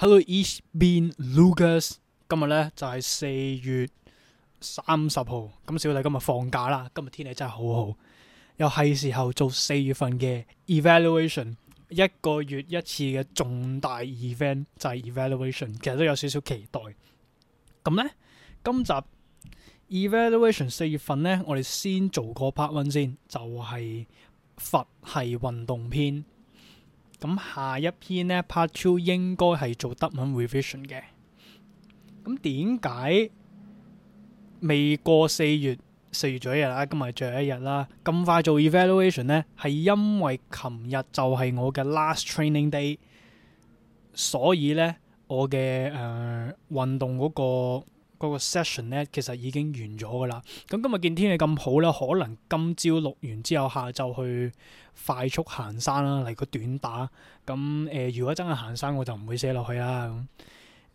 Hello, It's been Lucas 今日咧就係四月三十號，咁、嗯、小弟今日放假啦。今日天氣真係好好，嗯、又係時候做四月份嘅 evaluation，一個月一次嘅重大 event 就係 evaluation，其實都有少少期待。咁咧，今集 evaluation 四月份咧，我哋先做個 part one 先，就係佛系運動篇。咁下一篇呢 part two 應該係做德文 revision 嘅。咁點解未過四月？四月咗一日啦，今日最後一日啦，咁快做 evaluation 咧？係因為琴日就係我嘅 last training day，所以咧我嘅誒運動嗰、那個。嗰個 session 咧，其實已經完咗噶啦。咁今日見天氣咁好咧，可能今朝錄完之後，下晝去快速行山啦、啊，嚟個短打。咁誒、呃，如果真係行山，我就唔會寫落去啦。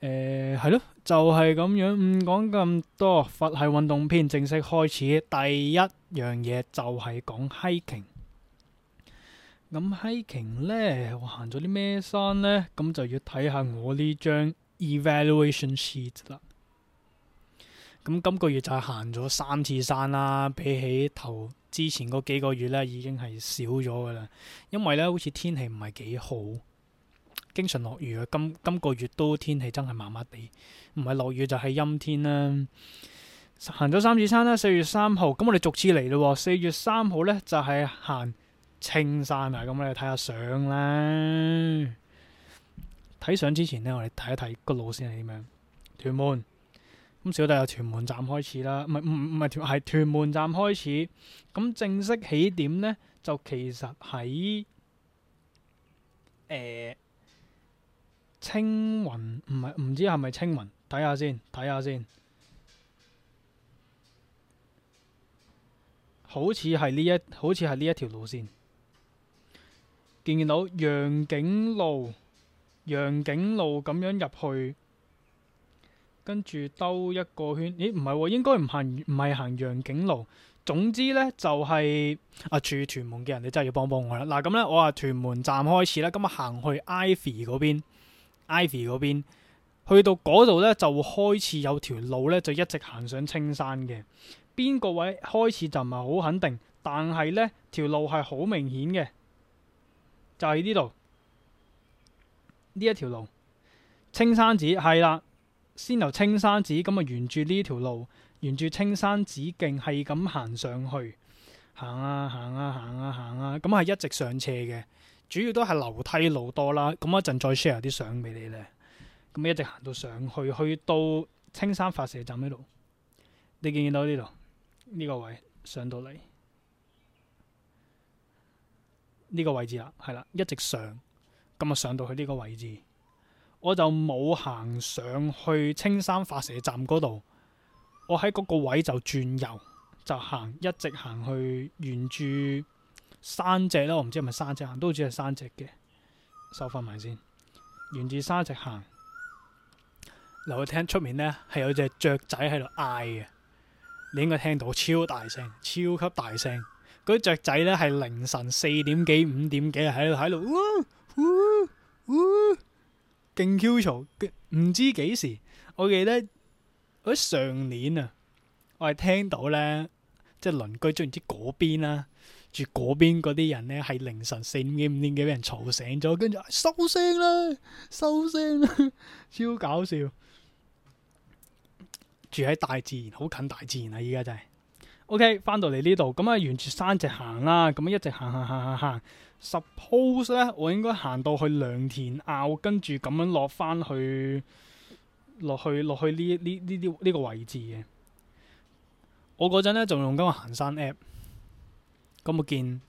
誒，係、呃、咯，就係、是、咁樣。唔、嗯、講咁多，佛系運動片正式開始。第一樣嘢就係講 hiking。咁 hiking 呢，我行咗啲咩山呢？咁就要睇下我呢張 evaluation sheet 啦。咁今個月就係行咗三次山啦，比起頭之前嗰幾個月咧，已經係少咗噶啦。因為咧，好似天氣唔係幾好，經常落雨啊。今今個月都天氣真係麻麻地，唔係落雨就係陰天啦。行咗三次山啦，四月三號。咁我哋逐次嚟咯。四月三號咧就係行青山啊。咁我哋睇下相啦。睇相之前咧，我哋睇一睇個路綫係點樣。屯門。咁小弟由屯門站開始啦，唔係唔唔係屯，係屯門站開始。咁正式起點呢，就其實喺誒青雲，唔係唔知係咪青雲？睇下先，睇下先。好似係呢一，好似係呢一條路線。見唔見到楊景路？楊景路咁樣入去。跟住兜一個圈，咦？唔係喎，應該唔行，唔係行洋景路。總之呢，就係、是、啊，住屯門嘅人，你真係要幫幫我啦。嗱、啊，咁呢，我啊屯門站開始啦，咁啊行去 Ivy 嗰邊，Ivy 嗰邊，去到嗰度呢，就開始有條路呢，就一直行上青山嘅。邊個位開始就唔係好肯定，但係呢條路係好明顯嘅，就係呢度呢一條路，青山寺，係啦。先由青山寺咁啊，沿住呢條路，沿住青山寺徑係咁行上去，行啊行啊行啊行啊，咁係、啊啊啊、一直上斜嘅，主要都係樓梯路多啦。咁一陣再 share 啲相俾你咧。咁一直行到上去，去到青山發射站呢度，你見唔見到呢度呢個位？上到嚟呢、呢個位置啦，係啦，一直上，咁啊上到去呢個位置。我就冇行上去青山發射站嗰度，我喺嗰個位就轉右，就行一直行去沿住山脊啦，我唔知係咪山脊行，都好似係山脊嘅。收翻埋先，沿住山脊行，留意聽出面呢，係有隻雀仔喺度嗌嘅，你應該聽到超大聲，超級大聲。嗰啲雀仔呢，係凌晨四點幾五點幾喺度喺度，嗚嗚嗚。呃呃呃勁 Q 嘈，唔知幾時，我記得喺上年啊，我係聽到咧，即係鄰居，總之嗰邊啦，住嗰邊嗰啲人咧，係凌晨四點、五點幾俾人嘈醒咗，跟住收聲啦，收聲啦，超搞笑。住喺大自然，好近大自然啊！依家真係，OK，翻到嚟呢度，咁啊，沿住山直行啦，咁啊，一直行行行行行。Suppose 咧，我應該行到去良田坳，跟住咁樣落翻去落去落去呢呢呢啲呢個位置嘅。我嗰陣咧就用緊個行山 app，咁我見，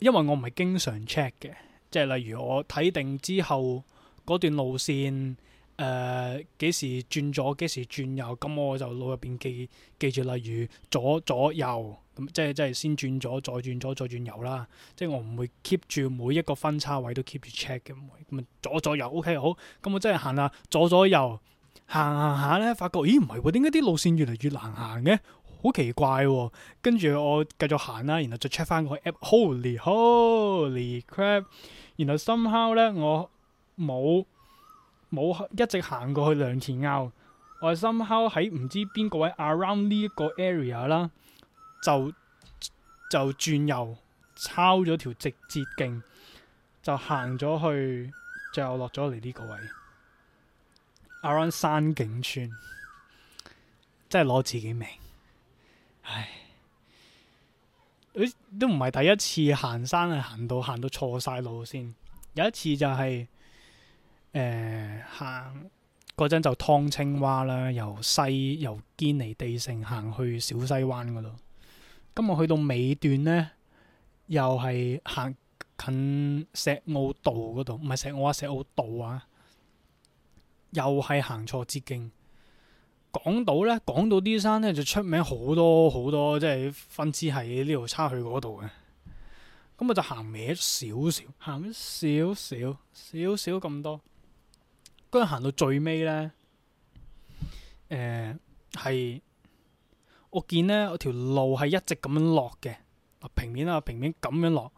因為我唔係經常 check 嘅，即係例如我睇定之後嗰段路線。誒幾、呃、時轉左幾時轉右，咁我就腦入邊記記住，例如左左右咁，即係即係先轉左，再轉左，再轉右啦。即係我唔會 keep 住每一個分叉位都 keep 住 check 嘅，唔會咁，啊左左右 OK 好，咁我真係行啦、啊、左左右行行下咧，發覺咦唔係喎，點解啲路線越嚟越難行嘅？好奇怪喎、啊！跟住我繼續行啦、啊，然後再 check 翻個 app，Holy Holy crap！然後 somehow 呢，我冇。冇一直行過去良田坳，我係心口喺唔知邊個位 around 呢一個 area 啦，就就轉右抄咗條直接徑，就行咗去就落咗嚟呢個位，around 山景村，真係攞自己命，唉，都唔係第一次行山係，行到行到錯晒路先。有一次就係、是。誒、呃，行嗰陣就湯青蛙啦，由西由堅尼地城行去小西灣嗰度。今日去到尾段呢，又係行近石澳道嗰度，唔係石澳啊，石澳道啊，又係行錯捷徑。港島呢，港島啲山呢就出名好多好多、多，即係分支喺呢度差去嗰度嘅。咁、嗯、我就行歪少少，行少少少少咁多。嗰日行到最尾呢，誒、呃，係我見呢，我條路係一直咁樣落嘅，平面啊，平面咁樣落。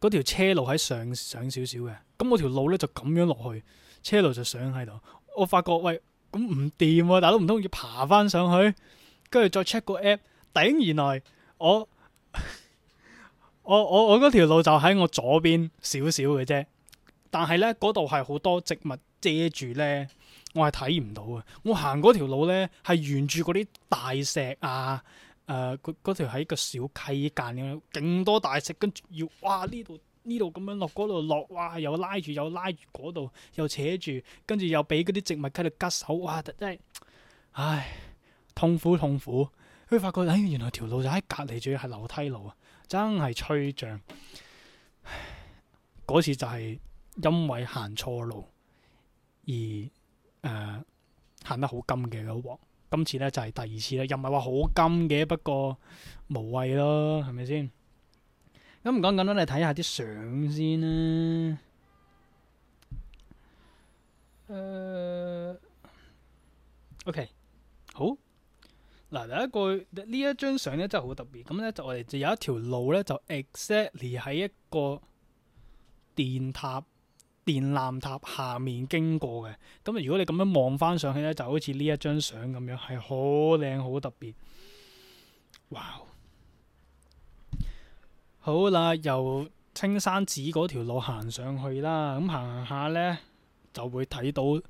嗰條車路喺上上少少嘅，咁我條路呢就咁樣落去，車路就上喺度。我發覺喂，咁唔掂，大佬唔通要爬翻上去，跟住再 check 個 app，頂！原來我 我我嗰條路就喺我左邊少少嘅啫。但係咧，嗰度係好多植物遮住咧，我係睇唔到啊！我行嗰條路咧，係沿住嗰啲大石啊，誒、啊，嗰嗰條係個小溪澗咁樣，勁多大石跟住要，哇！呢度呢度咁樣落，嗰度落，哇！又拉住，又拉住嗰度，又扯住，跟住又俾嗰啲植物喺度拮手，哇！真係，唉，痛苦痛苦！跟住發覺，唉，原來條路就喺隔籬，仲要係樓梯路啊，真係吹脹。嗰次就係、是。因為行錯路而誒行，呃、得好金嘅嗰鑊。今次咧就係，是，第二次咧，又唔係話好金嘅。不過無謂咯，係咪先，咁唔講咁多，你睇下啲相先啦。誒，OK，好，嗱，第一個呢一張相咧真係好特別。咁咧就我哋就有一條路咧，就 exactly 喺一個電塔電纜塔下面經過嘅咁。如果你咁樣望返上去呢，就好似呢一張相咁樣，係好靚好特別。哇、wow！好啦，由青山寺嗰條路行上去啦。咁行下呢，就會睇到、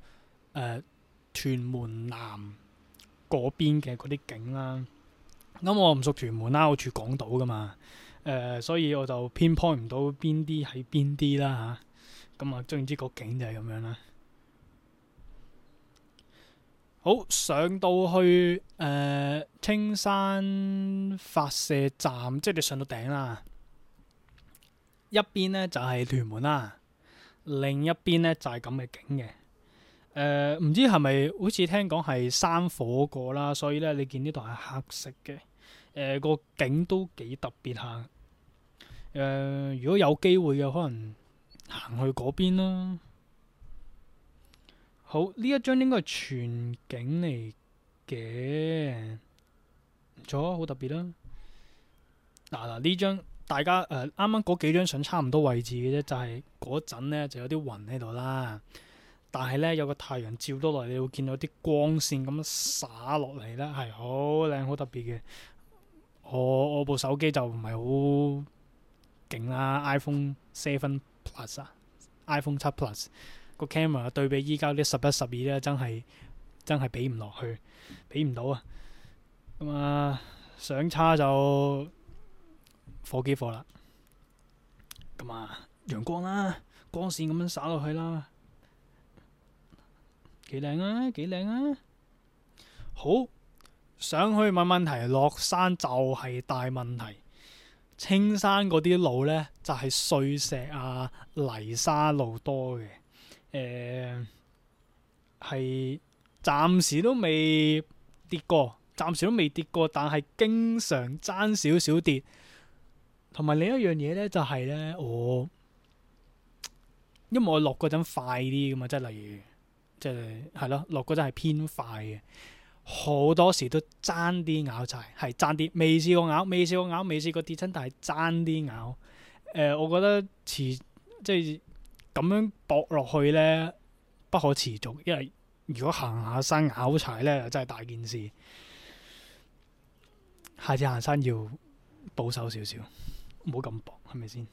呃、屯門南嗰邊嘅嗰啲景啦。咁、嗯、我唔熟屯門啦，我住港島噶嘛、呃。所以我就 pinpoint 唔到邊啲喺邊啲啦吓。咁啊，總之個景就係咁樣啦。好，上到去誒、呃、青山發射站，即係你上到頂啦。一邊呢就係、是、屯門啦，另一邊呢就係咁嘅景嘅。誒、呃，唔知係咪好似聽講係山火過啦，所以呢你見呢度係黑色嘅。誒、呃，個景都幾特別下。誒、呃，如果有機會嘅，可能。行去嗰邊啦。好，呢一張應該係全景嚟嘅，唔錯，好特別啦，啊啊。嗱嗱，呢張大家誒，啱啱嗰幾張相差唔多位置嘅啫，就係嗰陣咧，就有啲雲喺度啦。但係咧，有個太陽照到落嚟，你會見到啲光綫咁樣灑落嚟啦，係好靚好特別嘅。我我部手機就唔係好勁啦，iPhone Seven。iPhone 七 Plus 個 camera 對比依家啲十一十二咧，真係真係比唔落去，比唔到啊！咁啊，相差就火機火啦。咁啊，陽光啦，光線咁樣灑落去啦，幾靚啊，幾靚啊！好上去冇問、問題，落山就係大問題。青山嗰啲路呢，就係、是、碎石啊、泥沙路多嘅，誒、呃，係暫時都未跌過，暫時都未跌過，但係經常爭少少跌。同埋另一樣嘢呢，就係、是、呢：我、哦、因為我落嗰陣快啲嘅嘛，即係例如，即係係咯，落嗰陣係偏快嘅。好多時都爭啲拗柴，係爭啲未試過拗，未試過拗，未試過跌親，但係爭啲拗。誒、呃，我覺得持即係咁樣搏落去咧，不可持續，因為如果行下山拗柴咧，真係大件事。下次行山要保守少少，唔好咁搏，係咪先？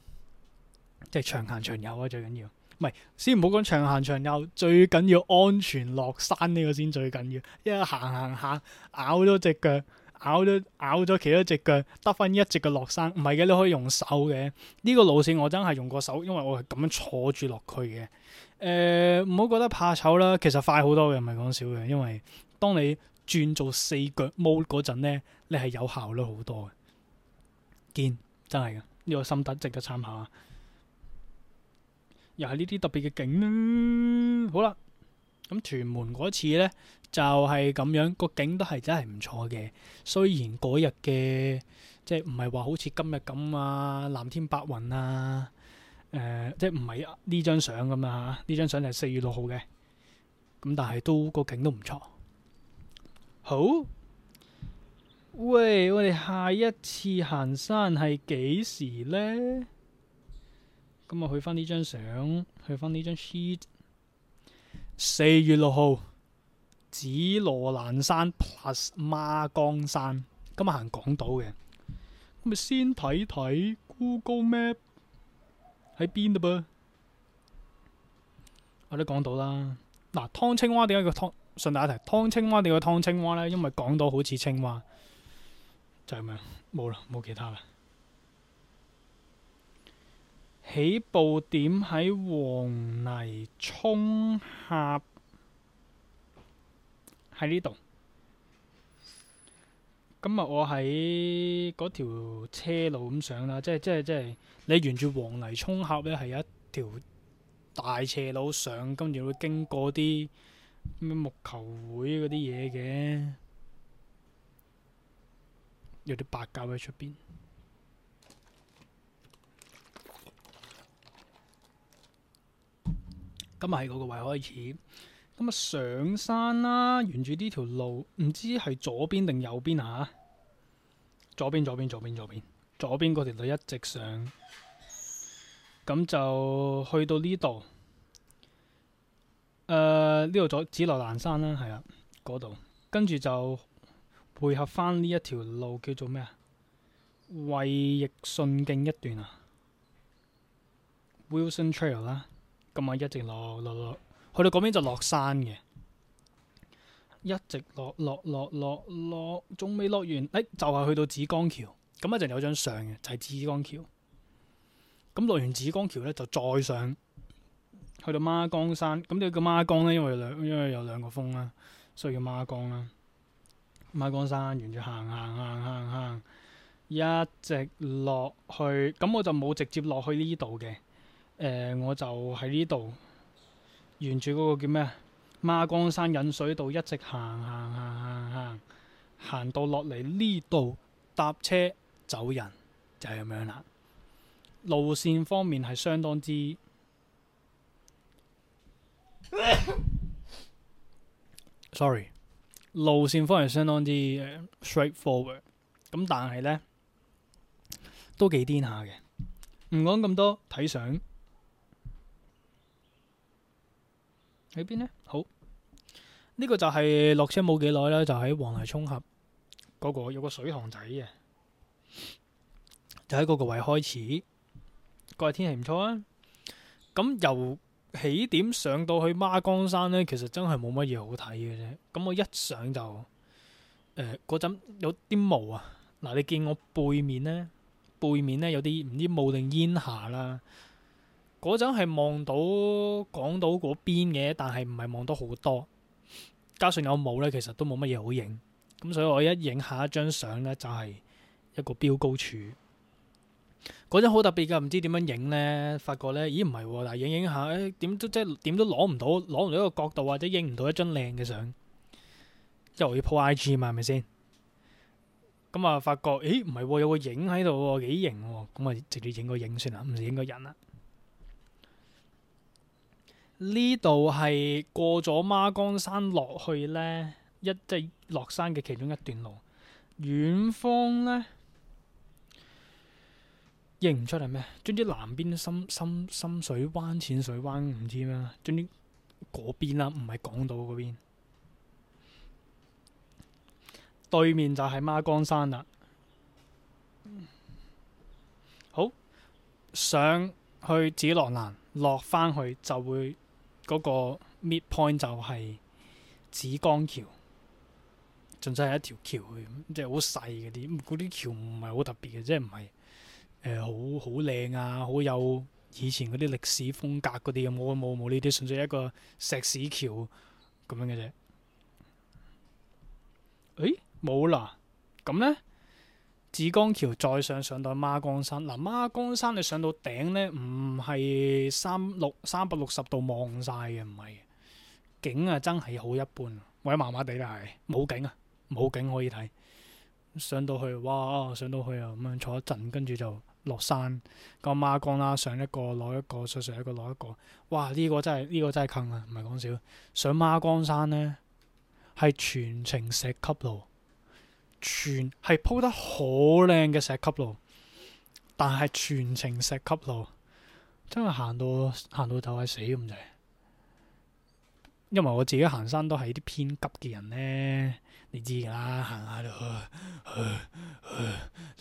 即係長行長有啊，最緊要。唔係，先唔好講長行長有，最緊要安全落山呢個先最緊要。一行行下咬咗隻腳，咬咗咬咗企咗隻腳，得翻一隻腳落山。唔係嘅，你可以用手嘅。呢個路線我真係用過手，因為我係咁樣坐住落去嘅。誒、呃，唔好覺得怕醜啦，其實快好多嘅，唔係講笑嘅。因為當你轉做四腳踎嗰陣呢，你係有效率好多嘅。堅真係嘅，呢個心得值得參考啊！又係呢啲特別嘅景好，好啦。咁屯門嗰次呢，就係咁樣個景都係真係唔錯嘅。雖然嗰日嘅即係唔係話好似今日咁啊，藍天白雲啊，呃、即係唔係呢張相咁啊？呢張相就係四月六號嘅，咁但係都個景都唔錯。好，喂，我哋下一次行山係幾時呢？今日去翻呢張相，去翻呢張 sheet。四月六號，紫羅蘭山 plus 孖崗山，今日行港島嘅。咁咪先睇睇 Google Map 喺邊度噃。我都港島啦。嗱、啊，湯青蛙點解叫湯？順帶一提，湯青蛙點解叫湯青蛙咧？因為港島好似青蛙，就咁、係、樣，冇啦，冇其他啦。起步點喺黃泥涌峽，喺呢度。今日我喺嗰條車路咁上啦，即係即係即係你沿住黃泥涌峽呢，係一條大斜路上，跟住會經過啲咩木球會嗰啲嘢嘅，有啲白膠喺出邊。今日喺嗰個位開始，咁啊上山啦，沿住呢條路，唔知係左邊定右邊啊？左邊，左邊，左邊，左邊，左邊嗰條路一直上，咁就去到呢度，誒、呃，呢度左紫羅蘭山啦，係啊，嗰度、啊，跟住就配合翻呢一條路叫做咩啊？衛奕信徑一段啊，Wilson Trail 啦、啊。咁啊，一直落落落，去到嗰邊就落山嘅。一直落落落落落，仲未落完，哎、欸，就係、是、去到紫江橋。咁一陣有張相嘅，就係、是、紫江橋。咁落完紫江橋咧，就再上，去到孖崗山。咁你個孖崗咧，因為兩因為有兩個峰啦，所以叫孖崗啦、啊。孖崗山，沿住行行行行行，一直落去。咁我就冇直接落去呢度嘅。誒、呃，我就喺呢度，沿住嗰個叫咩啊？孖江山引水道一直行行行行行，行到落嚟呢度搭車走人就係、是、咁樣啦。路線方面係相當之 ，sorry，路線方面相當之 straightforward。咁但係咧都幾癲下嘅，唔講咁多，睇相。喺邊呢？好，呢、這個就係落車冇幾耐啦，就喺、是、黃泥涌峽嗰、那個有個水巷仔嘅，就喺嗰個位開始。今、那、日、個、天氣唔錯啊！咁、嗯、由起點上到去孖江山呢，其實真係冇乜嘢好睇嘅啫。咁、嗯、我一上就嗰陣、呃、有啲霧啊！嗱、呃，你見我背面呢，背面呢有啲唔知霧定煙霞啦、啊。嗰陣係望到港島嗰邊嘅，但係唔係望到好多，加上有霧呢，其實都冇乜嘢好影咁，所以我一影下一張相呢，就係、是、一個標高柱嗰陣好特別嘅，唔知點樣影呢？發覺呢，咦唔係、哦，但係影影下誒，點、哎、都即係點都攞唔到，攞唔到一個角度或者影唔到一張靚嘅相，又要去 po I G 嘛，係咪先咁啊？就發覺咦，唔係、哦、有個影喺度，幾型咁啊，直接影個影算啦，唔影個人啦。呢度係過咗孖崗山落去呢，一即係落山嘅其中一段路。遠方呢，認唔出係咩？總之南邊深深深水灣、淺水灣唔知咩、啊？總之嗰邊啦、啊，唔係港島嗰邊，對面就係孖崗山啦。好，上去紫羅蘭，落翻去就會。嗰個 midpoint 就係紫光橋，純粹係一條橋去，即係好細嗰啲，嗰啲橋唔係好特別嘅，即係唔係誒好好靚啊，好有以前嗰啲歷史風格嗰啲咁，冇冇冇呢啲，純粹係一個石屎橋咁樣嘅啫。誒冇啦，咁咧？紫崗橋再上上到孖崗山，嗱、啊、孖崗山你上到頂咧，唔係三六三百六十度望晒嘅，唔係景啊，真係好一般，或者麻麻地但係冇景啊，冇景，啊、景可以睇。上到去，哇！上到去啊，咁樣坐一陣，跟住就落山個孖崗啦、啊，上一個攞一,一個，上一個上一個攞一個，哇！呢個，個，個，個真係呢個真係坑啊，唔係講笑。上孖崗山咧，係全程石級路。全係鋪得好靚嘅石級路，但係全程石級路真係行到行到就係死咁滯。因為我自己行山都係啲偏急嘅人咧，你知噶啦，行下就去，去，去，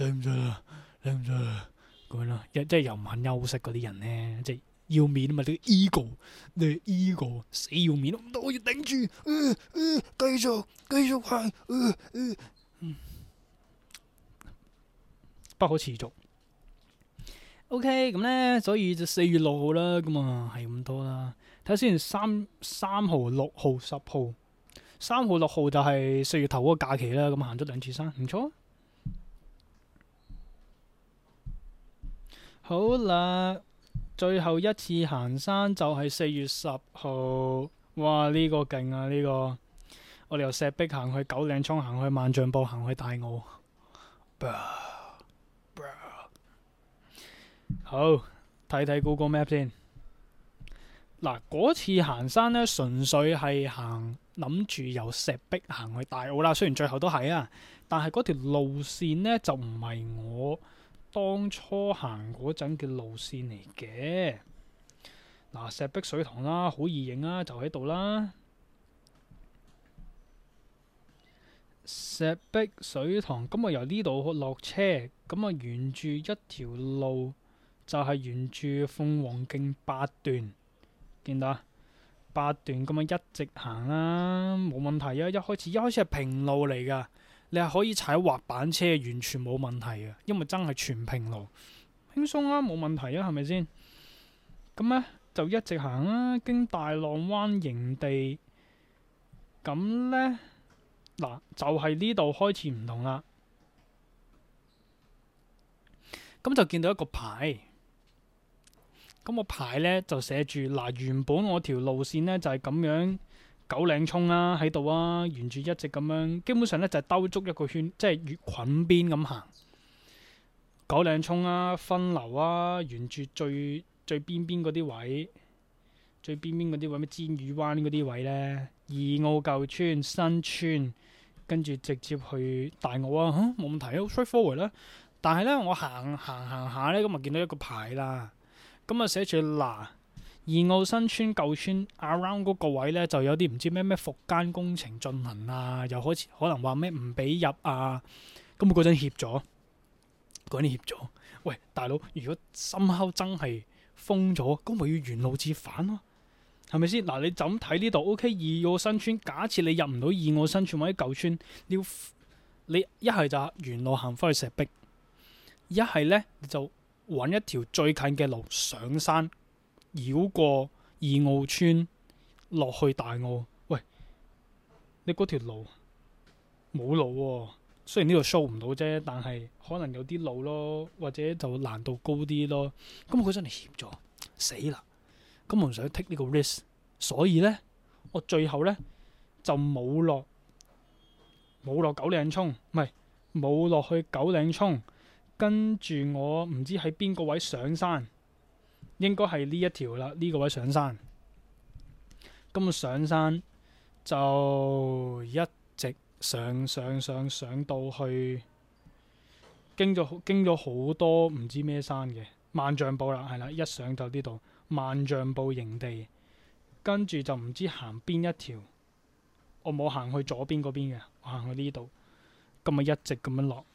死唔死啦，死唔死啦咁樣咯。即係 又唔肯休息嗰啲人咧，即係要面啊嘛，啲 ego，啲 ego 死要面，我要頂住，繼續繼續行。可持續。O K，咁呢，所以就四月六號啦。咁啊，係咁多啦。睇下先，三三號、六號、十號，三號、六號就係四月頭嗰個假期啦。咁行咗兩次山，唔錯。好啦，最後一次行山就係四月十號。哇，呢個勁啊！呢個我哋由石壁行去九嶺涌，行去萬丈布，行去大澳。呃好，睇睇 Google Map 先。嗱、啊，嗰次行山咧，純粹係行諗住由石壁行去大澳啦。雖然最後都係啊，但係嗰條路線咧就唔係我當初行嗰陣嘅路線嚟嘅。嗱、啊，石壁水塘啦，好易影啊，就喺度啦。石壁水塘，咁、嗯、啊由呢度落車，咁、嗯、啊沿住一條路。就係沿住鳳凰徑八段，見到啊，八段咁，啊，一直行啦，冇問題啊。一開始一開始係平路嚟噶，你係可以踩滑板車，完全冇問題嘅、啊，因為真係全平路，輕鬆啊，冇問題啊，係咪先？咁、嗯、呢、嗯，就一直行啦、啊，經大浪灣營地，咁、嗯、呢，嗱、嗯、就係呢度開始唔同啦，咁、嗯、就見到一個牌。咁個牌咧就寫住嗱、啊，原本我條路線咧就係、是、咁樣九嶺涌啊喺度啊，沿住一直咁樣，基本上咧就兜、是、足一個圈，即係越滾邊咁行。九嶺涌啊，分流啊，沿住最最邊邊嗰啲位，最邊邊嗰啲位咩尖魚灣嗰啲位咧，二澳舊村新村，跟住直接去大澳啊，嚇、啊、冇問題，好 straightforward 啦。但係咧，我行行行下咧，咁咪見到一個牌啦。咁啊，寫住嗱，二澳新村舊村 around、啊、嗰個位咧，就有啲唔知咩咩復耕工程進行啊，又開始可能話咩唔俾入啊。咁我嗰陣協咗，嗰啲協咗，喂，大佬，如果深溝真係封咗，咁咪要原路折返咯、啊？係咪先？嗱、啊，你就咁睇呢度。O、okay, K，二澳新村，假設你入唔到二澳新村或者舊村，你要你一係就原路行翻去石壁，一係咧你就。搵一條最近嘅路上山，繞過二澳村落去大澳。喂，你嗰條路冇路喎、哦，雖然呢度 show 唔到啫，但係可能有啲路咯，或者就難度高啲咯。咁佢真係險咗，死啦！咁唔想 take 呢個 risk，所以呢，我最後呢就冇落，冇落九嶺湧，唔係冇落去九嶺湧。跟住我唔知喺邊個位上山，應該係呢一條啦。呢個位上山，咁啊上山就一直上上上上到去，經咗經咗好多唔知咩山嘅萬丈布啦，係啦，一上就呢度萬丈布營地，跟住就唔知行邊一條，我冇行去左邊嗰邊嘅，我行去呢度，咁啊一直咁樣落。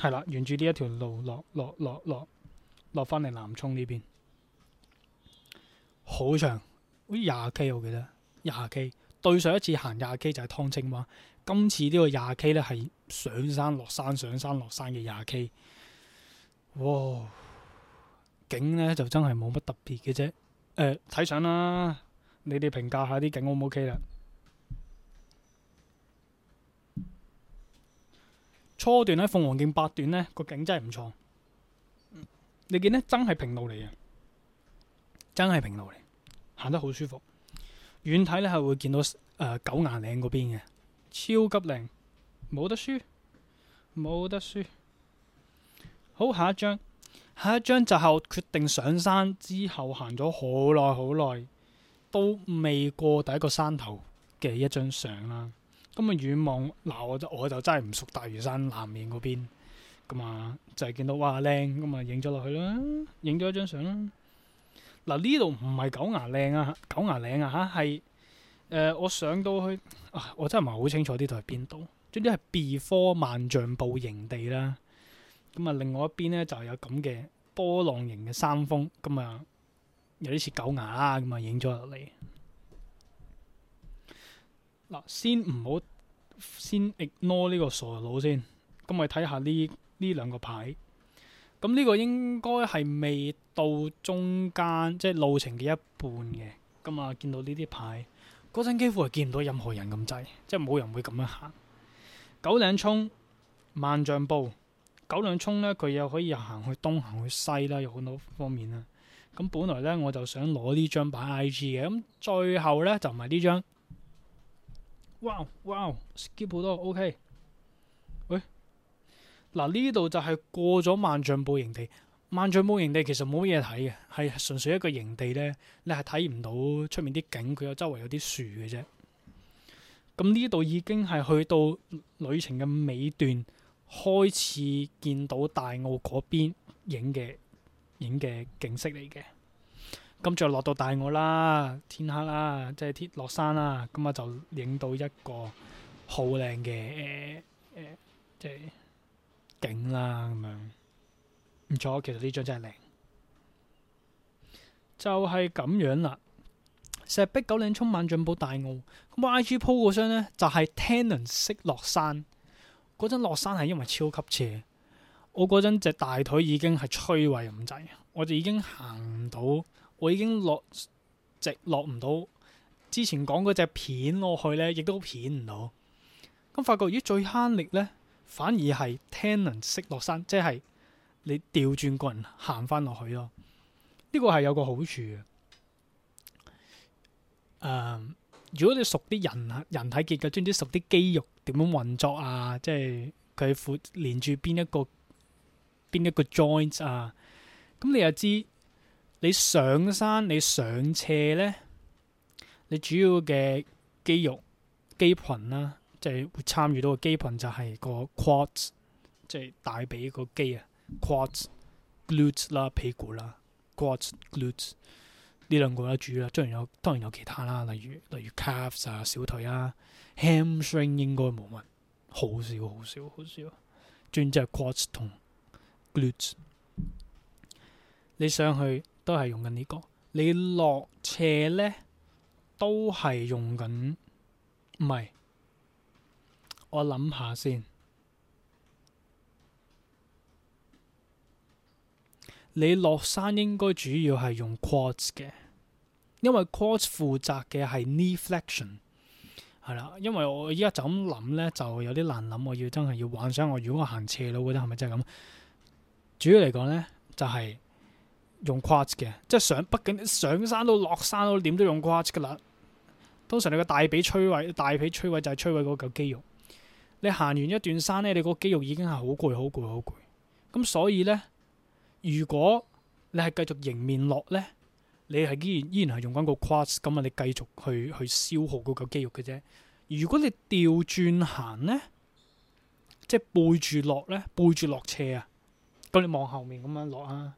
係啦，沿住呢一條路落落落落落返嚟南涌呢邊，好長，好似廿 K 我記得，廿 K。對上一次行廿 K 就係湯清灣，今次呢個廿 K 呢，係上山落山上山落山嘅廿 K。哇，景呢就真係冇乜特別嘅啫。誒，睇相啦，你哋評價下啲景 O 唔 OK 啦。初段喺鳳凰徑八段呢個景真係唔錯。你見呢真係平路嚟嘅，真係平路嚟，行得好舒服。遠睇呢係會見到誒、呃、九牙嶺嗰邊嘅，超級靚，冇得輸，冇得輸。好，下一張，下一張就係我決定上山之後行咗好耐好耐，都未過第一個山頭嘅一張相啦。咁啊遠望嗱，我就我就真係唔熟大嶼山南面嗰邊噶嘛，就係見到哇靚咁啊，影咗落去啦，影咗一張相啦。嗱，呢度唔係狗牙嶺啊，狗牙嶺啊嚇，係誒、呃、我上到去，啊、我真係唔係好清楚呢度係邊度。總之係 before 萬象步營地啦。咁啊，另外一邊咧就有咁嘅波浪形嘅山峰。咁啊有啲似狗牙啊，咁啊影咗落嚟。先唔好先 ignore 呢個傻佬先，咁我睇下呢呢兩個牌。咁呢個應該係未到中間，即係路程嘅一半嘅。咁啊，見到呢啲牌，嗰陣幾乎係見唔到任何人咁滯，即係冇人會咁樣行。九嶺涌，萬丈布。九嶺涌咧，佢又可以行去東，行去西啦，有好多方面啦。咁本來咧，我就想攞呢張牌 IG 嘅，咁最後咧就唔係呢張。哇哇、wow, wow,skip 好多，OK、欸。喂，嗱呢度就係過咗萬丈步營地。萬丈步營地其實冇嘢睇嘅，係純粹一個營地呢。你係睇唔到出面啲景，佢有周圍有啲樹嘅啫。咁呢度已經係去到旅程嘅尾段，開始見到大澳嗰邊影嘅影嘅景色嚟嘅。咁就落到大澳啦，天黑啦，即係天落山啦。咁啊就影到一個好靚嘅，即係景啦。咁樣唔錯，其實呢張真係靚。就係、是、咁樣啦。石壁九嶺充滿進步大澳咁，我 I G po 嗰張咧就係天輪式落山。嗰陣落山係因為超級斜，我嗰陣隻大腿已經係摧毀咁滯，我就已經行唔到。我已經落直落唔到，之前講嗰隻片落去咧，亦都片唔到。咁發覺依最慳力咧，反而係聽能識落山，即係你調轉個人行翻落去咯。呢、這個係有個好處嘅。誒、呃，如果你熟啲人啊、人體結構，甚至熟啲肌肉點樣運作啊，即係佢連住邊一個邊一個 joint 啊，咁你又知。你上山，你上斜咧，你主要嘅肌肉肌群啦，即係會參與到嘅肌群就係個 quads 即係大腿個肌啊 quads glutes 啦，ats, utes, 屁股啦 quads glutes 呢兩個啦，主要啦，當然有當然有其他啦，例如例如 calves 啊，小腿啊，hamstring 應該冇乜，好少好少好少，專注係 quads 同 glutes，你上去。都係用緊、這、呢個，你落斜呢都係用緊，唔係我諗下先。你落山應該主要係用 quads 嘅，因為 quads 負責嘅係 knee flexion 係啦。因為我依家就咁諗呢，就有啲難諗。我要真係要幻想，我如果我行斜路，我覺得係咪真係咁？主要嚟講呢，就係、是。用 quads 嘅，即係上，畢竟上山都落山都，都點都用 quads 噶啦。通常你個大髀摧毀，大髀摧毀就係摧毀嗰嚿肌肉。你行完一段山咧，你個肌肉已經係好攰，好攰，好攰。咁所以呢，如果你係繼續迎面落呢，你係依然依然係用緊個 quads，咁啊，你繼續去去消耗嗰嚿肌肉嘅啫。如果你調轉行呢，即係背住落呢，背住落斜啊，咁你望後面咁樣落啊。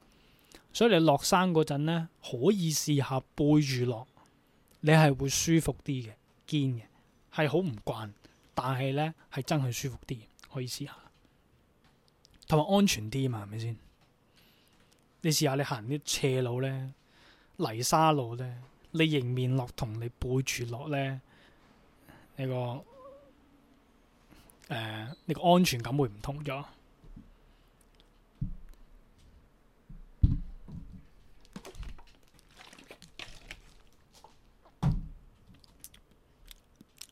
所以你落山嗰陣咧，可以試下背住落，你係會舒服啲嘅。堅嘅係好唔慣，但係咧係真係舒服啲，可以試下，同埋安全啲啊嘛，係咪先？你試下你行啲斜路咧、泥沙路咧，你迎面落同你背住落咧，呢個誒、呢、呃、個安全感會唔同咗。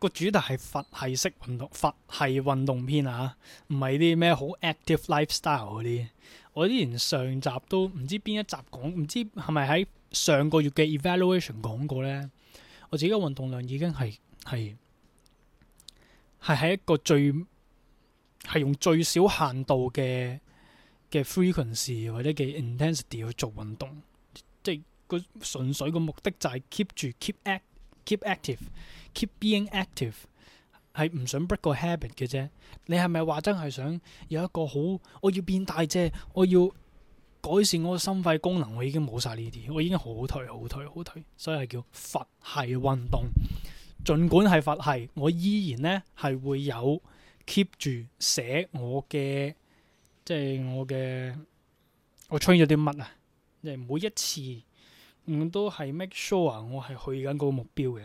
個主題係佛系式運動，佛系運動篇啊，唔係啲咩好 active lifestyle 嗰啲。我之前上集都唔知邊一集講，唔知係咪喺上個月嘅 evaluation 講過咧？我自己嘅運動量已經係係係喺一個最係用最少限度嘅嘅 frequency 或者嘅 intensity 去做運動，即係個純粹嘅目的就係 keep 住 keep act keep active。keep being active，係唔想 break 個 habit 嘅啫。你係咪話真係想有一個好？我要變大隻，我要改善我個心肺功能。我已經冇晒呢啲，我已經好頹好頹好頹，所以係叫佛系運動。儘管係佛系，我依然呢係會有 keep 住寫我嘅，即係我嘅我 train 咗啲乜啊？即係每一次我都係 make sure 我係去緊嗰個目標嘅。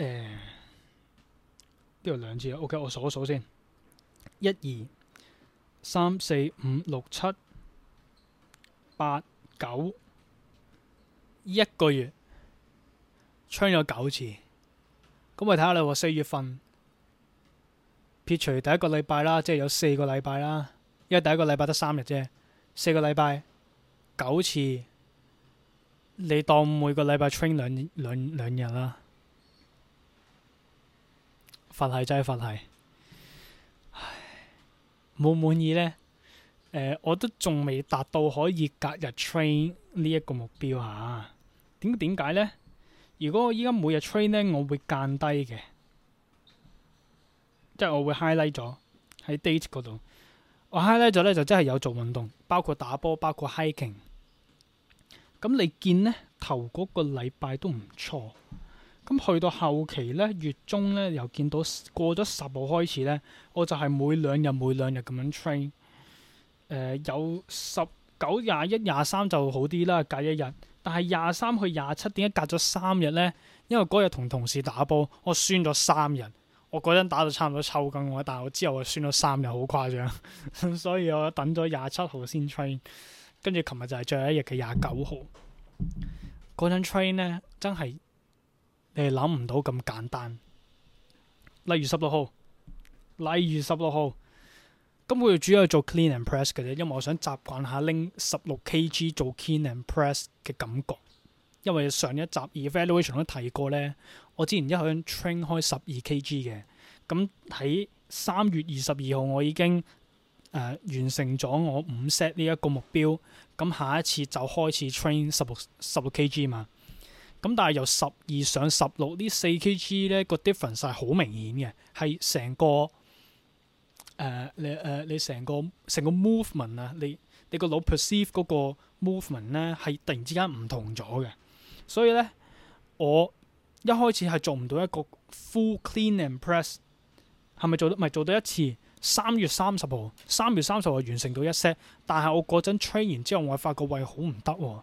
誒，呢度兩次，OK，我數一數先，一二三四五六七八九一個月 train 咗九次，咁我睇下你話四月份撇除第一個禮拜啦，即係有四個禮拜啦，因為第一個禮拜得三日啫，四個禮拜九次，你當每個禮拜 train 兩兩兩日啦。佛係真係佛係，唉，冇滿意呢？呃，我都仲未達到可以隔日 train 呢一個目標啊。點點解呢？如果我依家每日 train 呢，我會減低嘅，即係我會 highlight 咗喺 date 嗰度。我 highlight 咗呢就真係有做運動，包括打波，包括 hiking。咁你見呢頭嗰個禮拜都唔錯。咁去到後期呢，月中呢，又見到過咗十號開始呢，我就係每兩日每兩日咁樣 train、呃。有十九、廿一、廿三就好啲啦，隔一日。但係廿三去廿七點解隔咗三日呢，因為嗰日同同事打波，我酸咗三日。我嗰陣打到差唔多抽筋我，但係我之後我酸咗三日，好誇張。 所以我等咗廿七號先 train，跟住琴日就係最後一日嘅廿九號。嗰陣 train 呢，真係～你係諗唔到咁簡單。例如十六號，例如十六號，今個月主要做 clean and press 嘅啫，因為我想習慣下拎十六 kg 做 clean and press 嘅感覺。因為上一集 evaluation 都提過咧，我之前一向 train 開十二 kg 嘅，咁喺三月二十二號我已經誒、呃、完成咗我五 set 呢一個目標，咁下一次就開始 train 十六十六 kg 嘛。咁但係由十二上十六呢四 KG 呢個 difference 係好明顯嘅，係成個誒你誒你成個成個 movement 啊，你、呃、你，個個 ment，你，你個腦 perceive 嗰個 movement 呢係突然之間唔同咗嘅，所以呢，我一開始係做唔到一個 full clean and press，係咪做到咪做到一次？三月三十號，三月三十號完成到一 set，但係我嗰陣 train 完之後，我發覺個胃好唔得喎。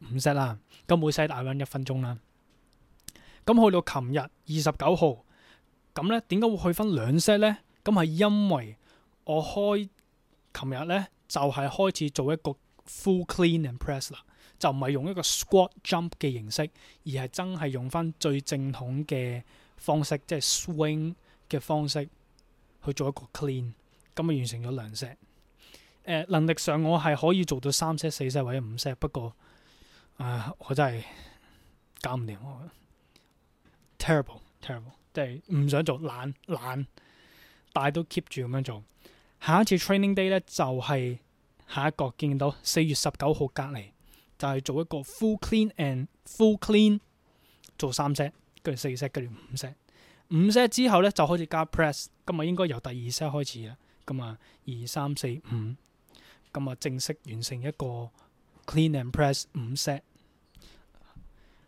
五 set 啦，咁每 set 大約一分鐘啦。咁去到琴日二十九號，咁咧點解會去分兩 set 咧？咁係因為我開琴日咧就係開始做一個 full clean and press 啦，就唔係用一個 squat jump 嘅形式，而係真係用翻最正統嘅方式，即係 swing 嘅方式去做一個 clean。咁啊完成咗兩 set。誒、呃，能力上我係可以做到三 set、四 set 或者五 set，不過。啊！Uh, 我真係搞唔掂，我 terrible terrible，即係唔想做懶懶，但係都 keep 住咁樣做。下一次 training day 咧就係下一個，見到四月十九號隔離，就係做一個 full clean and full clean，做三 set 跟住四 set 跟住五 set，五 set 之後咧就開始加 press。咁啊應該由第二 set 開始啦，咁啊二三四五，咁啊正式完成一個。Clean and press 五 set，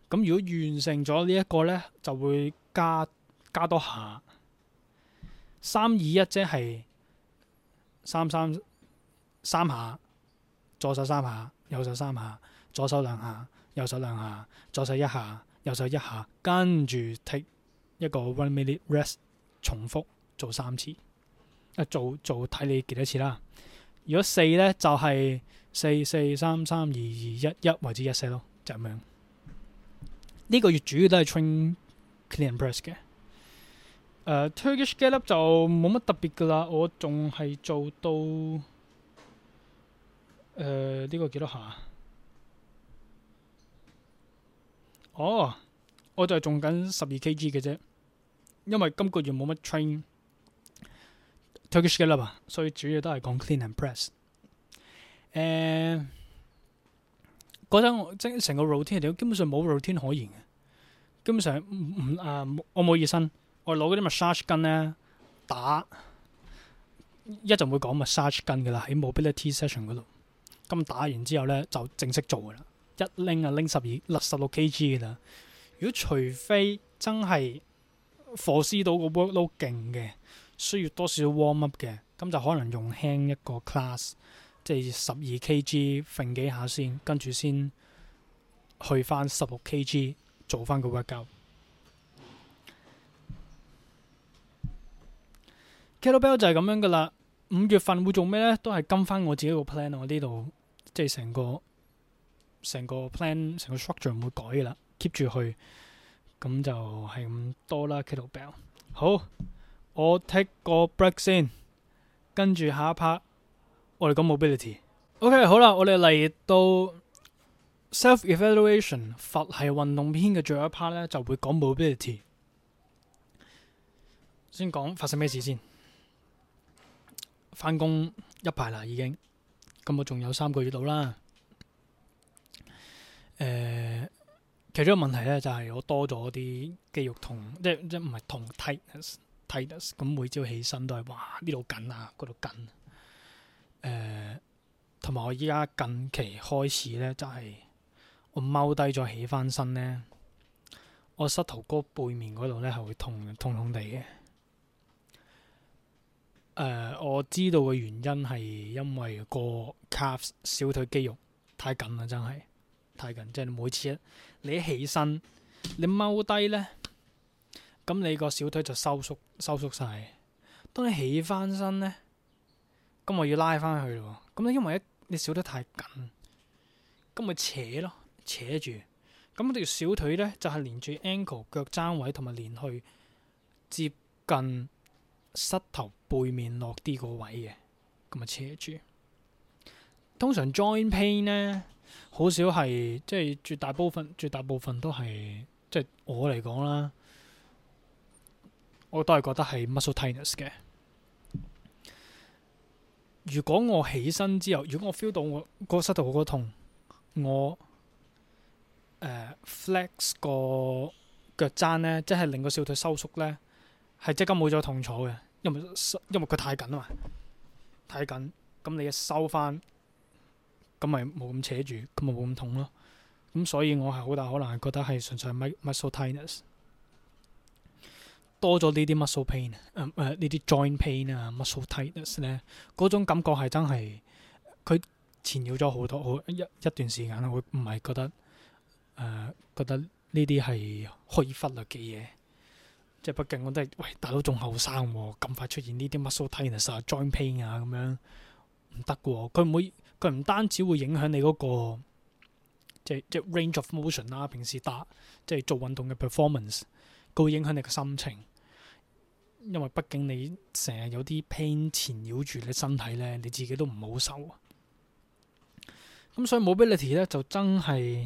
咁如果完成咗呢一個呢，就會加加多下三二一，即係三三三下，左手三下，右手三下，左手兩下，右手兩下，左手一下，右手一下，跟住 take 一個 one minute rest，重複做三次，啊做做睇你幾多次啦。如果四呢，就係、是。四四三三二二一一，或者一四咯，就咁樣。呢個月主要都係 train clean and press 嘅、呃。誒，Turkish get up 就冇乜特別噶啦。我仲係做到誒呢、呃這個幾多下？哦、oh，我就係中緊十二 kg 嘅啫，因為今個月冇乜 train Turkish get up 啊，所以主要都係講 clean and press。誒，嗰陣即成個 routine 嚟，基本上冇 routine 可言嘅。基本上唔、嗯、啊，我冇熱身，我攞嗰啲 massage gun 咧打。一陣唔會講 massage gun 噶啦，喺 mobility session 嗰度咁打完之後咧就正式做噶啦。一拎啊拎十二甩十六 kg 噶啦。如果除非真係 force 到個 workload 勁嘅，需要多少 warm up 嘅，咁就可能用輕一個 class。即係十二 KG 揈幾下先，跟住先去翻十六 KG 做翻個 workout。Kettlebell 就係咁樣噶啦。五月份會做咩呢？都係跟翻我自己個 plan，我個，個 plan。我呢度即係成個成個 plan，成個 structure 唔會改噶啦。keep 住去，咁就係咁多啦。Kettlebell，好，我 take 個 break 先，跟住下一 part。我哋講 mobility，OK、okay, 好啦，我哋嚟到 self evaluation 佛係運動篇嘅最後一 part 咧，就會講 mobility。先講發生咩事先，翻工一排啦，已經咁我仲有三個月到啦。誒、呃，其中一個問題咧就係、是、我多咗啲肌肉痛，即即唔係痛，tight tight 咁每朝起身都係哇呢度緊啊，嗰度緊。誒，同埋、呃、我依家近期開始咧，就係、是、我踎低咗起翻身咧，我膝頭哥背面嗰度咧係會痛痛痛地嘅。誒、呃，我知道嘅原因係因為個 calf 小腿肌肉太緊啦，真係太緊。即係你每次一你一起身，你踎低咧，咁你個小腿就收縮收縮晒。當你起翻身咧。咁我要拉翻佢咯，咁咧因為一，你小得太緊，咁咪扯咯，扯住。咁呢條小腿呢，就係、是、連住 ankle 腳踭位同埋連去接近膝頭背面落啲個位嘅，咁咪扯住。通常 joint pain 呢，好少係即係絕大部分絕大部分都係即係我嚟講啦，我都係覺得係 muscle tightness 嘅。如果我起身之後，如果我 feel 到我、我個膝頭好痛，我、呃、flex 個腳踭呢，即係令個小腿收縮呢，係即刻冇咗痛楚嘅，因為因為佢太緊啊嘛，太緊，咁你一收翻，咁咪冇咁扯住，咁咪冇咁痛咯，咁所以我係好大可能係覺得係純粹 muscle tightness 多咗呢啲 muscle pain,、呃、pain 啊，誒呢啲 joint pain 啊，muscle tightness 咧，嗰種感覺係真係佢纏繞咗好多好一一段時間啦，會唔係覺得誒、呃、覺得呢啲係可以忽略嘅嘢？即係畢竟我都係喂大佬仲後生喎，咁快出現呢啲 muscle tightness 啊 joint pain 啊咁樣唔得嘅喎，佢唔、哦、會，佢唔單止會影響你嗰、那個即係即係 range of motion 啦、啊，平時打即係做運動嘅 performance，佢會影響你嘅心情。因為畢竟你成日有啲 pain 纏繞住你身體呢，你自己都唔好受啊。咁所以 mobility 呢就真係，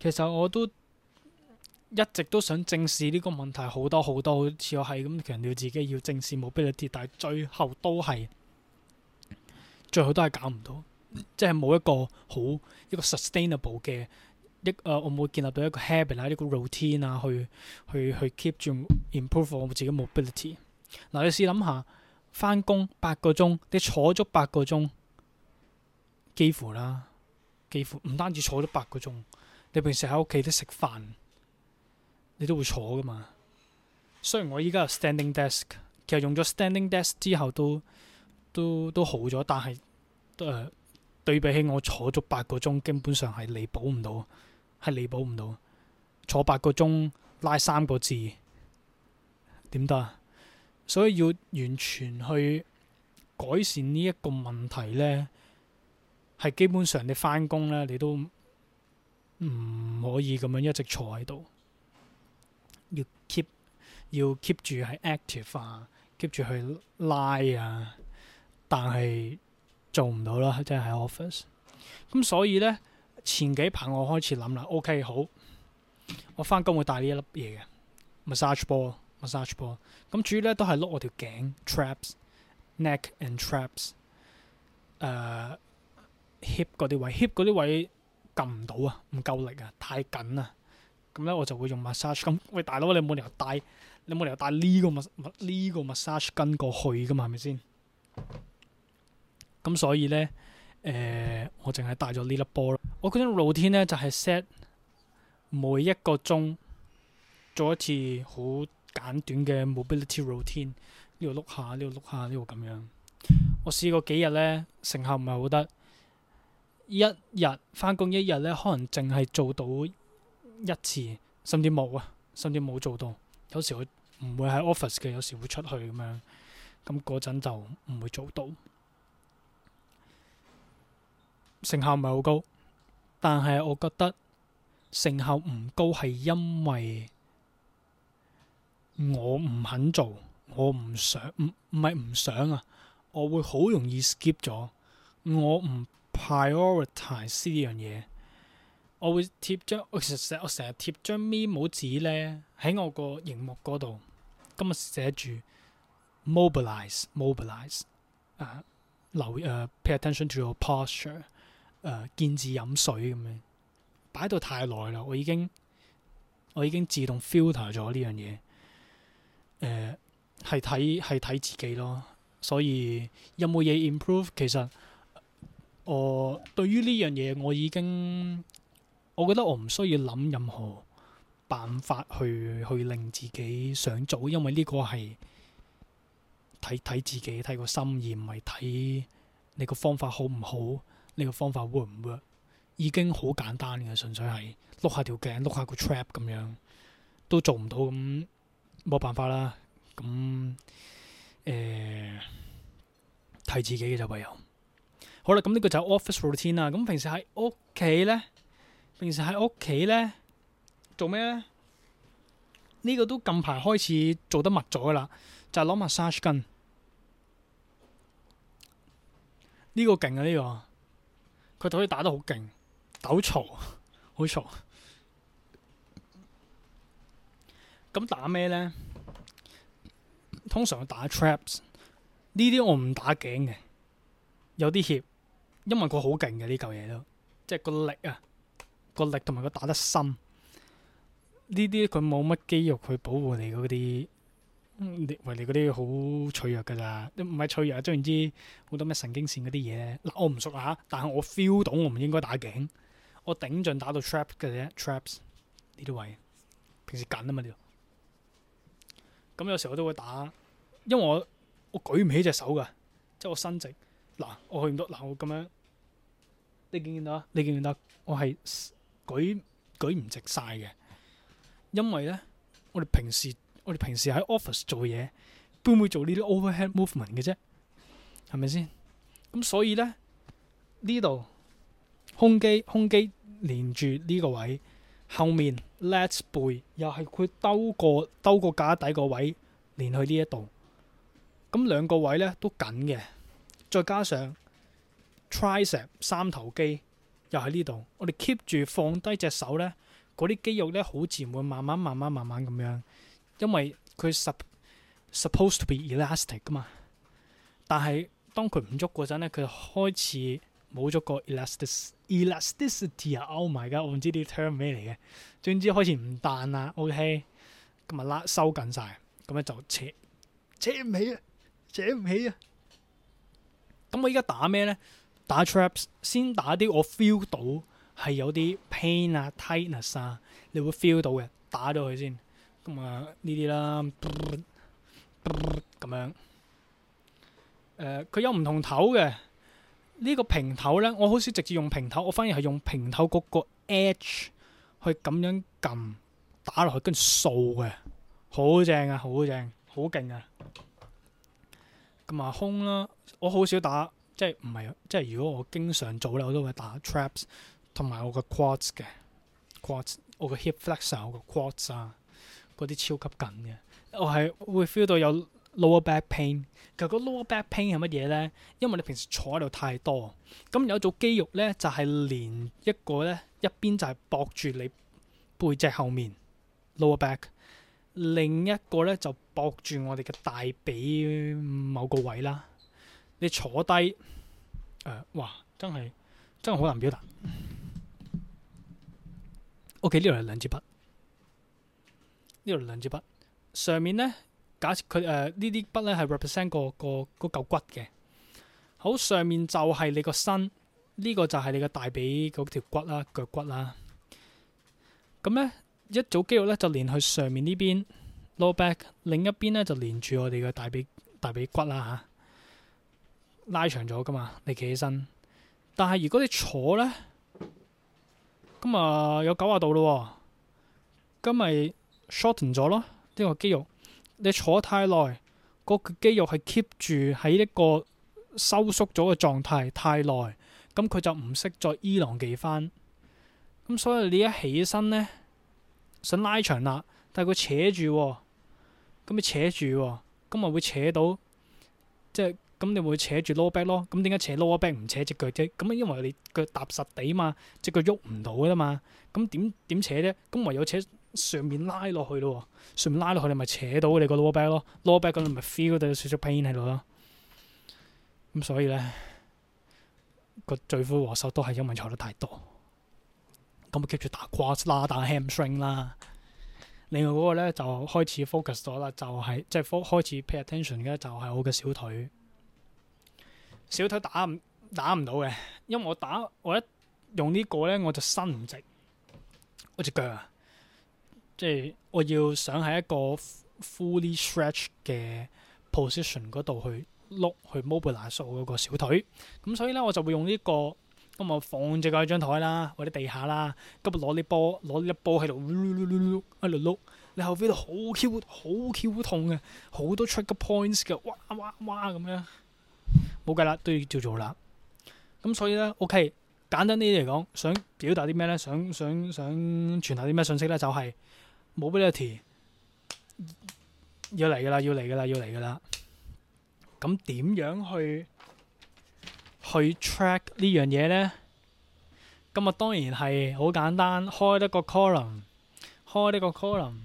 其實我都一直都想正視呢個問題好多好多，好似我係咁強調自己要正視 mobility，但係最後都係，最後都係搞唔到，即係冇一個好一個 sustainable 嘅一我冇建立到一個 habit 啊，一個 routine 啊，去去去 keep 住 improve 我我自己 mobility。嗱，你試諗下，返工八個鐘，你坐足八個鐘，幾乎啦，幾乎唔單止坐咗八個鐘，你平時喺屋企都食飯，你都會坐㗎嘛。雖然我依家有 standing desk，其實用咗 standing desk 之後都都都好咗，但係誒、呃，對比起我坐足八個鐘，基本上係彌補唔到，係彌補唔到。坐八個鐘拉三個字，點得啊？所以要完全去改善呢一個問題呢，係基本上你返工呢，你都唔可以咁樣一直坐喺度，要 keep 要 keep 住係 active 啊，keep 住去拉啊，但係做唔到啦，即係喺 office。咁所以呢，前幾排我開始諗啦，OK 好，我返工會帶呢一粒嘢嘅 massage ball。massage 波咁主要咧，都係碌我條頸 traps neck and traps 誒、uh, hip 嗰啲位 hip 嗰啲位撳唔到啊，唔夠力啊，太緊啊。咁咧我就會用 massage。咁喂，大佬你冇理由帶你冇理由帶呢、這個 massage 呢、這個 massage 跟過去噶嘛，係咪先？咁所以咧誒、呃，我淨係帶咗呢粒波咯。我覺得 routine 咧就係、是、set 每一個鐘做一次好。簡短嘅 mobility routine，呢度碌下，呢度碌下，呢度咁樣，我試過幾日呢，成效唔係好得。一日返工一日呢，可能淨係做到一次，甚至冇啊，甚至冇做到。有時我唔會喺 office 嘅，有時會出去咁樣，咁嗰陣就唔會做到。成效唔係好高，但係我覺得成效唔高係因為。我唔肯做，我唔想，唔唔係唔想啊。我會好容易 skip 咗。我唔 prioritize 呢樣嘢。我會貼張、其實我成日我成日貼張 memo 紙咧，喺我個熒幕嗰度，今日寫住 mobilize mobilize 啊，留，誒、uh, pay attention to your posture，誒、uh，見字飲水咁樣擺到太耐啦。我已經我已經自動 filter 咗呢樣嘢。誒，係睇係睇自己咯，所以有冇嘢 improve？其實我、呃、對於呢樣嘢，我已經我覺得我唔需要諗任何辦法去去令自己想做，因為呢個係睇睇自己睇個心意，唔係睇你個方法好唔好，呢個方法好唔好，你個方法 work 唔 work？已經好簡單嘅，純粹係碌下條頸碌下個 trap 咁樣都做唔到咁。冇辦法啦，咁、嗯、誒、欸、睇自己嘅就唯有，好啦，咁呢個就 office routine 啦。咁平時喺屋企咧，平時喺屋企咧做咩咧？呢、這個都近排開始做得密咗噶啦，就攞、是、massage gun、啊。呢個勁啊呢個，佢可以打得好勁，抖嘈，好嘈。咁打咩咧？通常打 traps，呢啲我唔打頸嘅，有啲怯，因為佢好勁嘅呢嚿嘢都，即係個力啊，個力同埋佢打得深，呢啲佢冇乜肌肉去保護你嗰啲，為你嗰啲好脆弱噶咋，唔係脆弱，總言之好多咩神經線嗰啲嘢。嗱，我唔熟啊，但係我 feel 到我唔應該打頸，我頂盡打到 traps 嘅啫，traps 呢啲位，平時緊啊嘛呢度。咁有時候我都會打，因為我我舉唔起隻手噶，即係我伸直嗱，我去唔到嗱，我咁樣你見唔見到啊？你見唔見到？我係舉舉唔直晒嘅。因為咧，我哋平時我哋平時喺 office 做嘢，邊會做呢啲 overhead movement 嘅啫？係咪先？咁所以咧，呢度胸肌胸肌連住呢個位。後面 lets 背又係佢兜過兜個架底個位連去呢一度，咁兩個位咧都緊嘅，再加上 tricep 三頭肌又喺呢度，我哋 keep 住放低隻手咧，嗰啲肌肉咧好自然會慢慢慢慢慢慢咁樣，因為佢 supposed to be elastic 噶嘛，但係當佢唔喐嗰陣咧，佢開始。冇咗個 elasticity 啊！Oh my god，我唔知啲 term 咩嚟嘅，總之開始唔彈啦。OK，咁啊拉收緊晒，咁咧就扯扯唔起啊，扯唔起啊。咁我依家打咩咧？打 traps，先打啲我 feel 到係有啲 pain 啊、tightness 啊，你會 feel 到嘅，打咗佢先。咁啊呢啲啦，咁樣。誒、呃，佢有唔同頭嘅。呢個平頭呢，我好少直接用平頭，我反而係用平頭嗰個 edge 去咁樣撳打落去，跟住掃嘅，好正啊，好正，好勁啊！同埋胸啦，我好少打，即係唔係即係如果我經常做咧，我都會打 traps 同埋我嘅 quads 嘅 quads，我嘅 hip flexor，我嘅 quads 啊，嗰啲超級緊嘅，我係會 feel 到有 lower back pain，其實個 lower back pain 係乜嘢咧？因為你平時坐喺度太多，咁有一組肌肉咧就係、是、連一個咧一邊就係駁住你背脊後面 lower back，另一個咧就駁住我哋嘅大髀某個位啦。你坐低，誒、呃，哇，真係真係好難表達。OK，呢度係兩支筆，呢度兩支筆，上面咧。假設佢誒呢啲筆咧係 represent 個個嗰嚿骨嘅好，上面就係你個身呢、這個就係你個大髀嗰條骨啦、腳骨啦。咁咧一組肌肉咧就連去上面呢邊 lower back，另一邊咧就連住我哋嘅大髀大髀骨啦嚇、啊、拉長咗噶嘛，你企起身。但係如果你坐咧，咁啊、呃、有九啊度、哦、咯，咁咪 shorten 咗咯呢個肌肉。你坐太耐，個肌肉係 keep 住喺一個收縮咗嘅狀態太耐，咁佢就唔識再伊朗幾翻。咁所以你一起身呢，想拉長啦，但係佢扯住、哦，咁你扯住、哦，咁咪會扯到，即係咁你會扯住 low back 咯。咁點解扯 low back 唔扯隻腳啫？咁因為你腳踏實地嘛，隻腳喐唔到噶嘛。咁點點扯啫？咁唯有扯。上面拉落去咯，上面拉落去你咪扯到你個 lower back 咯，lower back 嗰度咪 feel 到少少 pain 喺度咯。咁所以咧個罪魁禍首都係因為坐得太多。咁啊 keep 住打 quads 啦，打 hamstring 啦。另外嗰個咧就開始 focus 咗啦，就係即係開開始 pay attention 嘅就係我嘅小腿。小腿打唔打唔到嘅，因為我打我一用呢、這個咧我就伸唔直。我隻腳啊！即係我要想喺一個 fully stretch 嘅 position 嗰度去碌去 mobile 拉嗰個小腿，咁所以呢，我就會用呢個咁我放隻腳喺張台啦，或者地下啦，咁我攞啲波攞一波喺度碌碌碌碌碌喺度碌，你後尾度好 Q 好 Q 痛嘅，好多 trigger points 嘅，哇哇哇咁樣，冇計啦都要照做啦。咁所以呢 OK 簡單啲嚟講，想表達啲咩呢？想想想傳達啲咩信息呢？就係。Mobility，要嚟㗎喇，要嚟㗎喇，要嚟㗎喇。咁點樣去去 track 呢樣嘢呢？咁啊當然係好簡單，開得個 column，開一個 column，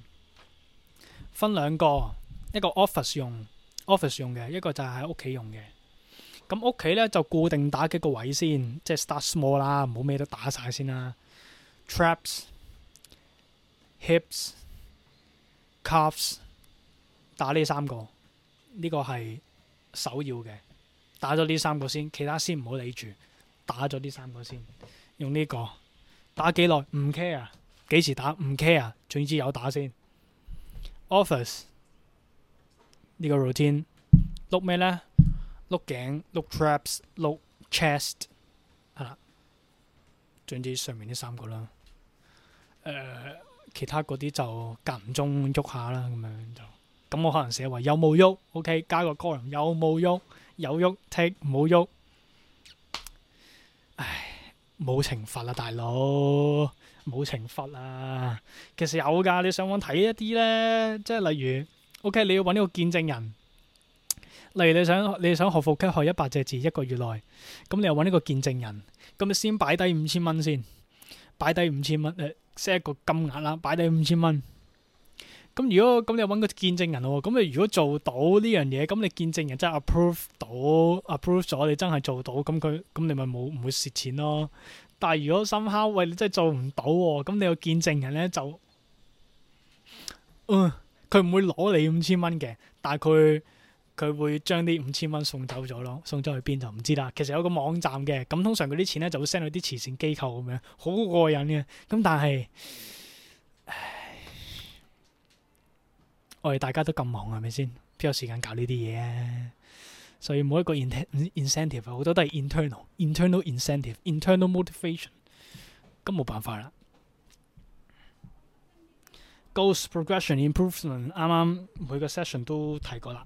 分兩個，一個 office 用，office 用嘅，一個就喺屋企用嘅。咁屋企呢，就固定打幾個位先，即係 start small 啦，冇咩都打晒先啦。traps。Hips, Cuffs 打呢三個，呢個係首要嘅，打咗呢三個先，其他先唔好理住，打咗呢三個先，用呢個打幾耐唔 care，幾時打唔 care，總之有打先。Offers 呢個 routine，碌咩呢？碌頸，碌 traps，碌 chest，係啦，總之上面呢三個啦，呃其他嗰啲就間唔中喐下啦，咁樣就咁我可能寫話有冇喐？OK，加個 call，有冇喐？有喐，take 冇喐。唉，冇懲罰啦、啊，大佬，冇懲罰啊。其實有㗎，你上網睇一啲呢，即係例如 OK，你要揾呢個見證人。例如你想你想學復刻學一百隻字一個月內，咁你又揾呢個見證人，咁你先擺低五千蚊先。擺低五千蚊誒，set 一個金額啦，擺低五千蚊。咁如果咁你揾個見證人喎、哦，咁你如果做到呢樣嘢，咁你見證人真係 app approve 到 approve 咗，你真係做到，咁佢咁你咪冇唔會蝕錢咯。但係如果 somehow，喂你真係做唔到喎、哦，咁你個見證人呢，就，嗯、呃，佢唔會攞你五千蚊嘅，但係佢。佢會將啲五千蚊送走咗咯，送咗去邊就唔知啦。其實有個網站嘅，咁通常嗰啲錢咧就會 send 去啲慈善機構咁樣，好過癮嘅。咁但係，唉，我哋大家都咁忙係咪先？邊有時間搞呢啲嘢啊？所以每一個 in incentive 好多都係 internal，internal incentive，internal motivation。咁冇辦法啦。Goals progression improvement，啱啱每個 session 都睇過啦。